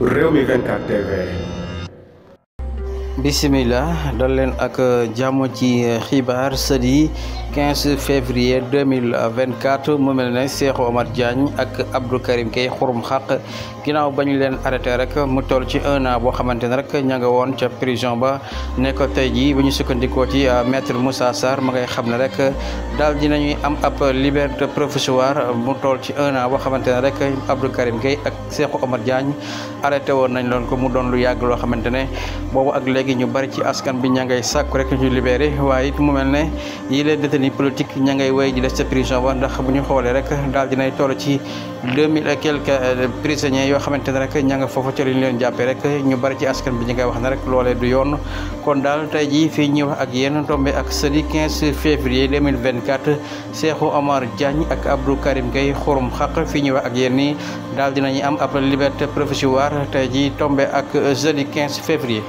Rewmi 24 TV bismillah dal leen ak jàmm ci xibaar sëdi 15 février 2024 mu mel Cheikh Omar Diagne ak Abdou Karim Gueye xurum xaq ginnaaw ba ñu leen arrêté rek mu toll ci un an boo xamante ne rek ña nga woon prison ba ne ko tey jii bu ñu ci ah, maître Moussa Sarr ma ngay xam rek daal dinañuy am ap liberté provisoire mu toll ci un an boo xamante rek Abdou Karim Gueye ak Cheikh Omar Diagne arrêté woon nañ loon ko mu doon lu yàgg loo xamante ne ak léegi gi ñu bari ci askan bi ñangay sàkku rek ñu libéré waaye it mu mel ne yile détenu politique ñangay way di des ca prison ba ndax bu ñu xoolee rek daal dinay toll ci 2000 et quelques euh, prisonniers yoo xamante ne rek ña nga foofu ca liñ leen jàppee rek ñu bari ci askan bi ñi wax ne rek loolee du yoon kon daal tey jii fii ñuy wax ak yéen tombé ak 15 février 2024 Cheikhou Omar Diagne ak Abdou Karim gayi xurum xaq fii ñuy wax ak yéen ni am ab liberté provisoire tey jii tombé ak jeudi 15 février